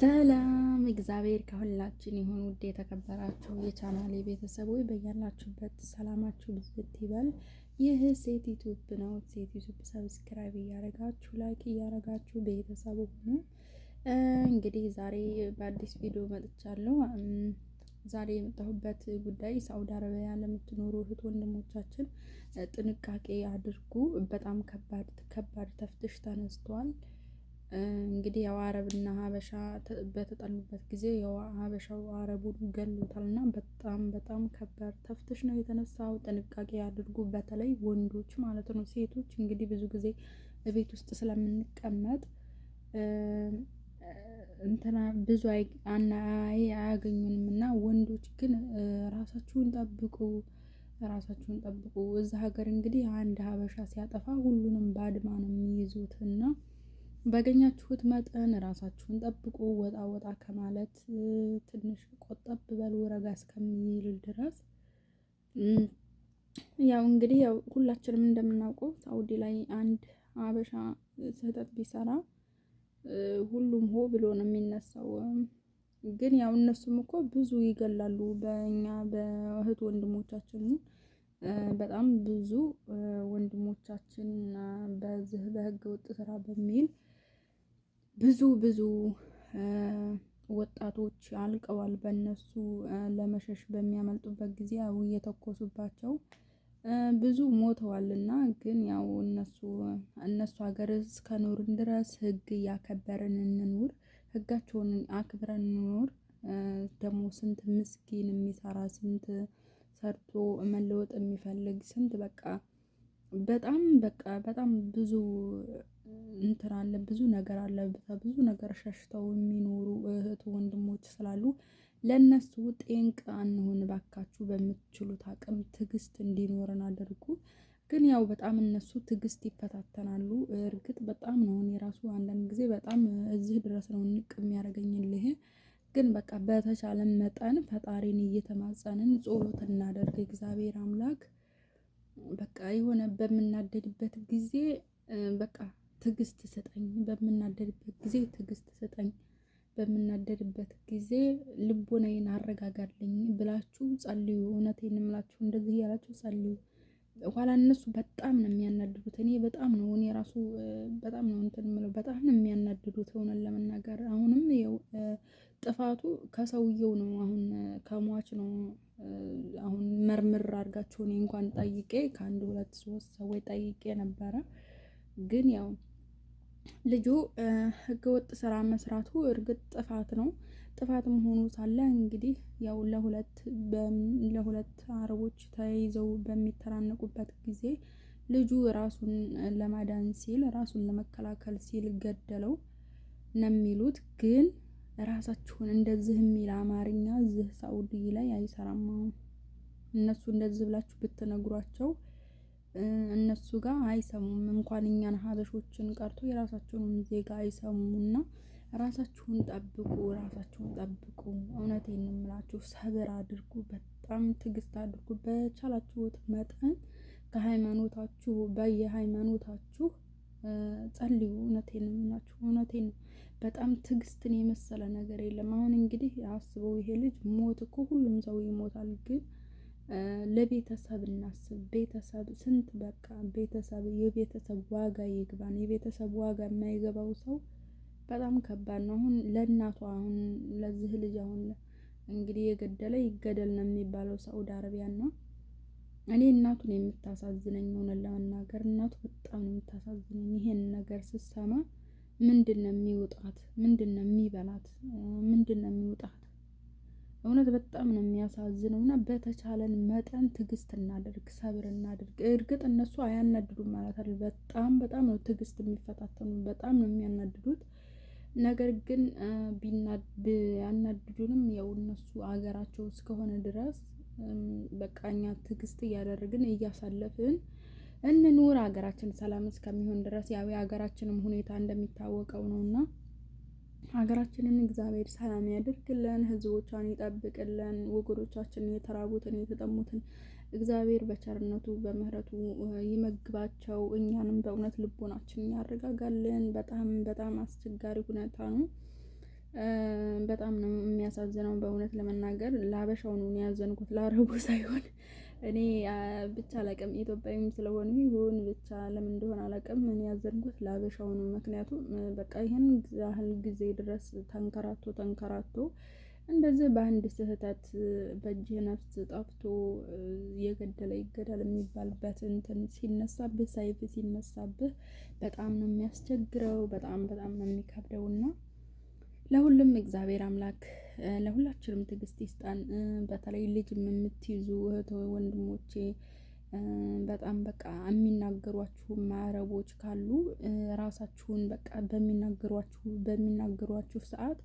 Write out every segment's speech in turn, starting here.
ሰላም እግዚአብሔር ከሁላችን ይሁን። ውድ የተከበራችሁ የቻናሌ ቤተሰቦች በያላችሁበት ሰላማችሁ ብዝት ይበል። ይህ ሴት ዩቱብ ነው። ሴት ዩቱብ ሰብስክራይብ እያረጋችሁ ላይክ እያረጋችሁ ቤተሰቡ ሁኑ። እንግዲህ ዛሬ በአዲስ ቪዲዮ መጥቻለሁ። ዛሬ የመጣሁበት ጉዳይ ሳውዲ አረቢያ ለምትኖሩ እህት ወንድሞቻችን ጥንቃቄ አድርጉ። በጣም ከባድ ከባድ ተፍትሽ ተነስቷል። እንግዲህ ያው አረብና ሀበሻ በተጠሉበት ጊዜ ያው ሀበሻው አረቡን እና በጣም በጣም ከባድ ተፍትሽ ነው የተነሳው። ጥንቃቄ አድርጉ፣ በተለይ ወንዶች ማለት ነው። ሴቶች እንግዲህ ብዙ ጊዜ ቤት ውስጥ ስለምንቀመጥ እንትና ብዙ አያገኙንም እና ወንዶች ግን ራሳችሁን ጠብቁ ራሳችሁን ጠብቁ። እዛ ሀገር እንግዲህ አንድ ሀበሻ ሲያጠፋ ሁሉንም ባድማ ነው የሚይዙት እና ባገኛችሁት መጠን ራሳችሁን ጠብቁ። ወጣ ወጣ ከማለት ትንሽ ቆጠብ በሉ ረጋ እስከሚል ድረስ ያው እንግዲህ ያው ሁላችንም እንደምናውቀው ሳውዲ ላይ አንድ አበሻ ስህተት ቢሰራ ሁሉም ሆ ብሎ ነው የሚነሳው። ግን ያው እነሱም እኮ ብዙ ይገላሉ በእኛ በእህት ወንድሞቻችን በጣም ብዙ ወንድሞቻችን በዚህ በህገ ወጥ ስራ በሚል ብዙ ብዙ ወጣቶች አልቀዋል። በእነሱ ለመሸሽ በሚያመልጡበት ጊዜ ያው እየተኮሱባቸው ብዙ ሞተዋል። እና ግን ያው እነሱ እነሱ ሀገር እስከኖርን ድረስ ህግ እያከበርን እንኑር፣ ህጋቸውን አክብረን እንኖር። ደግሞ ስንት ምስኪን የሚሰራ ስንት ሰርቶ መለወጥ የሚፈልግ ስንት በቃ በጣም በቃ በጣም ብዙ እንትን አለ ብዙ ነገር አለ ብዙ ነገር ሸሽተው የሚኖሩ እህት ወንድሞች ስላሉ ለእነሱ ጤንቅ አንሆን ባካችሁ። በምትችሉት አቅም ትዕግስት እንዲኖረን አድርጉ። ግን ያው በጣም እነሱ ትዕግስት ይፈታተናሉ። እርግጥ በጣም ነው እኔ ራሱ አንዳንድ ጊዜ በጣም እዚህ ድረስ ነው ንቅ የሚያደርገኝልህ ግን በቃ በተቻለ መጠን ፈጣሪን እየተማጸንን ጸሎት እናደርግ። እግዚአብሔር አምላክ በቃ የሆነ በምናደድበት ጊዜ በቃ ትዕግስት ስጠኝ፣ በምናደድበት ጊዜ ትዕግስት ስጠኝ፣ በምናደድበት ጊዜ ልቦናዬን አረጋጋልኝ ብላችሁ ጸልዩ። እውነቴን እምላችሁ እንደዚህ እያላችሁ ጸልዩ። ኋላ እነሱ በጣም ነው የሚያናድዱት። እኔ በጣም ነው እኔ ራሱ በጣም ነው እንትን የምለው በጣም ነው የሚያናድዱት። ሆነን ለመናገር አሁንም ጥፋቱ ከሰውየው ነው። አሁን ከሟች ነው። አሁን መርምር አድርጋችሁ እኔ እንኳን ጠይቄ ከአንድ ሁለት ሶስት ሰዎች ጠይቄ ነበረ። ግን ያው ልጁ ህገወጥ ስራ መስራቱ እርግጥ ጥፋት ነው። ጥፋት መሆኑ ሳለ እንግዲህ ያው ለሁለት ለሁለት አረቦች ተይዘው በሚተራነቁበት ጊዜ ልጁ ራሱን ለማዳን ሲል ራሱን ለመከላከል ሲል ገደለው ነው የሚሉት ግን ራሳችሁን እንደዚህ የሚል አማርኛ እዚህ ሳውዲ ላይ አይሰራም። እነሱ እንደዚህ ብላችሁ ብትነግሯቸው እነሱ ጋር አይሰሙም። እንኳን እኛን ሀበሾችን ቀርቶ የራሳቸውን ዜጋ አይሰሙም። ራሳችሁን ጠብቁ፣ ራሳችሁን ጠብቁ። እውነት የምላችሁ ሰብር አድርጉ፣ በጣም ትዕግስት አድርጉ። በቻላችሁት መጠን ከሃይማኖታችሁ በየሃይማኖታችሁ ጸልዩ። እውነቴን ነው እውነቴን ነው። በጣም ትዕግስትን የመሰለ ነገር የለም። አሁን እንግዲህ አስበው፣ ይሄ ልጅ ሞት እኮ ሁሉም ሰው ይሞታል፣ ግን ለቤተሰብ እናስብ። ቤተሰብ ስንት በቃ ቤተሰብ የቤተሰብ ዋጋ ይግባን። የቤተሰብ ዋጋ የማይገባው ሰው በጣም ከባድ ነው። አሁን ለእናቷ አሁን ለዚህ ልጅ አሁን እንግዲህ የገደለ ይገደል ነው የሚባለው ሳኡዲ ነው። እኔ እናቱን የምታሳዝነኝ ሆነን ለመናገር እናቱ በጣም ነው የምታሳዝነኝ። ይሄን ነገር ስሰማ ምንድን ነው የሚውጣት? ምንድን ነው የሚበላት? ምንድን ነው የሚውጣት? እውነት በጣም ነው የሚያሳዝነው። እና በተቻለን መጠን ትዕግስት እናደርግ፣ ሰብር እናደርግ። እርግጥ እነሱ አያናድዱም ማለት አይደል። በጣም በጣም ነው ትዕግስት የሚፈታተኑ፣ በጣም ነው የሚያናድዱት። ነገር ግን ቢያናድዱንም ያው እነሱ አገራቸው እስከሆነ ድረስ በቃ እኛ ትዕግስት እያደረግን እያሳለፍን እንኑር። ሀገራችን ሰላም እስከሚሆን ድረስ ያው የሀገራችንም ሁኔታ እንደሚታወቀው ነው እና ሀገራችንን እግዚአብሔር ሰላም ያደርግልን፣ ህዝቦቿን ይጠብቅልን፣ ወገኖቻችንን የተራቡትን የተጠሙትን እግዚአብሔር በቸርነቱ በምህረቱ ይመግባቸው። እኛንም በእውነት ልቦናችንን ያረጋጋልን። በጣም በጣም አስቸጋሪ ሁኔታ ነው። በጣም ነው የሚያሳዝነው። በእውነት ለመናገር ለሀበሻው ነው ያዘንኩት ለአረቡ ሳይሆን። እኔ ብቻ አላቅም ኢትዮጵያዊም ስለሆነ ይሁን ብቻ ለምን እንደሆነ አላቅም። እኔ ያዘንኩት ለሀበሻው ነው። ምክንያቱም በቃ ይህን ያህል ጊዜ ድረስ ተንከራቶ ተንከራቶ እንደዚህ በአንድ ስህተት በእጅህ ነፍስ ጠፍቶ የገደለ ይገዳል የሚባልበት እንትን ሲነሳብህ፣ ሳይፍ ሲነሳብህ በጣም ነው የሚያስቸግረው። በጣም በጣም ነው የሚከብደው የሚከብደውና ለሁሉም እግዚአብሔር አምላክ ለሁላችንም ትዕግስት ይስጣን። በተለይ ልጅ የምትይዙ እህቶ ወንድሞቼ በጣም በቃ የሚናገሯችሁ ማዕረቦች ካሉ ራሳችሁን በቃ በሚናገሯችሁ በሚናገሯችሁ ሰዓት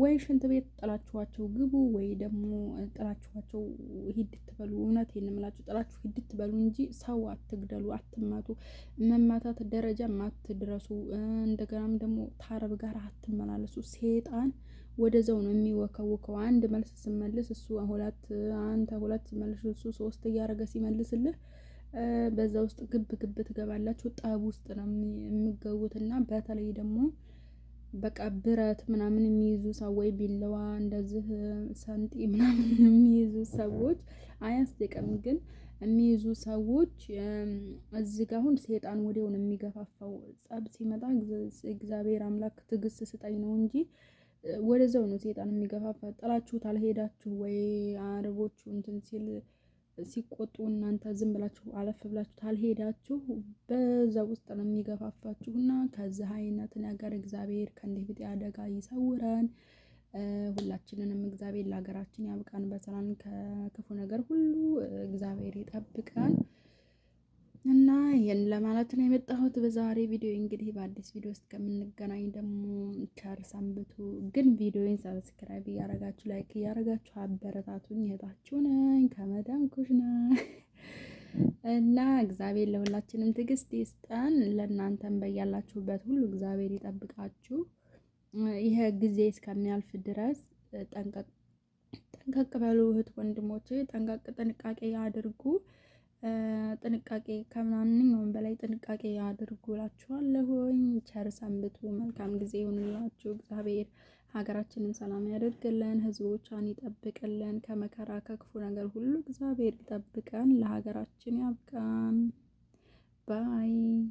ወይ ሽንት ቤት ጥላችኋቸው ግቡ፣ ወይ ደግሞ ጥላችኋቸው ሂድት በሉ። እውነት የምላችሁ ጥላችሁ ሂድት እንጂ ሰው አትግደሉ፣ አትማቱ። መማታት ደረጃም አትድረሱ። እንደገናም ደግሞ ታረብ ጋር አትመላለሱ። ሴጣን ወደዛው ነው የሚወከውከው። አንድ መልስ ስመልስ እሱ ሁለት፣ አንተ ሁለት መልስ እሱ ሶስት እያደረገ ሲመልስልህ በዛ ውስጥ ግብ ግብ ትገባላችሁ። ጠብ ውስጥ ነው የሚገቡትና በተለይ ደግሞ በቃ ብረት ምናምን የሚይዙ ወይ ቢለዋ እንደዚህ ሰንጢ ምናምን የሚይዙ ሰዎች አያስደቀም። ግን የሚይዙ ሰዎች እዚህ ጋር አሁን ሴጣን ወዲያውን የሚገፋፋው ጸብ ሲመጣ እግዚአብሔር አምላክ ትዕግስት ስጠኝ ነው እንጂ ወደዛው ነው ሴጣን የሚገፋፋ። ጥላችሁት አልሄዳችሁ ወይ አረቦቹ እንትን ሲል ሲቆጡ እናንተ ዝም ብላችሁ አለፍ ብላችሁ ታልሄዳችሁ በዛ ውስጥ ነው የሚገፋፋችሁ እና ከዚህ አይነት ነገር እግዚአብሔር ከእንዲህ ብጤ አደጋ ይሰውረን። ሁላችንንም እግዚአብሔር ለሀገራችን ያብቃን። በሰላም ከክፉ ነገር ሁሉ እግዚአብሔር ይጠብቀን። እና ይህን ለማለት ነው የመጣሁት በዛሬ ቪዲዮ። እንግዲህ በአዲስ ቪዲዮ ውስጥ ከምንገናኝ ደግሞ ቸር ሰንብቱ። ግን ቪዲዮን ሰብስክራይብ እያረጋችሁ ላይክ እያረጋችሁ አበረታቱኝ። እህታችሁ ነኝ ከመዳም ኩሽና እና እግዚአብሔር ለሁላችንም ትዕግስት ይስጠን። ለእናንተም በያላችሁበት ሁሉ እግዚአብሔር ይጠብቃችሁ። ይሄ ጊዜ እስከሚያልፍ ድረስ ጠንቀቅ ጠንቀቅ በሉ እህት ወንድሞቼ፣ ጠንቀቅ ጥንቃቄ አድርጉ። ጥንቃቄ ከማንኛውም በላይ ጥንቃቄ አድርጉላችኋለሁኝ። ቸር ሰንብቱ። መልካም ጊዜ ይሁንላችሁ። እግዚአብሔር ሀገራችንን ሰላም ያደርግልን፣ ህዝቦቿን ይጠብቅልን፣ ከመከራ ከክፉ ነገር ሁሉ እግዚአብሔር ይጠብቀን፣ ለሀገራችን ያብቃን ባይ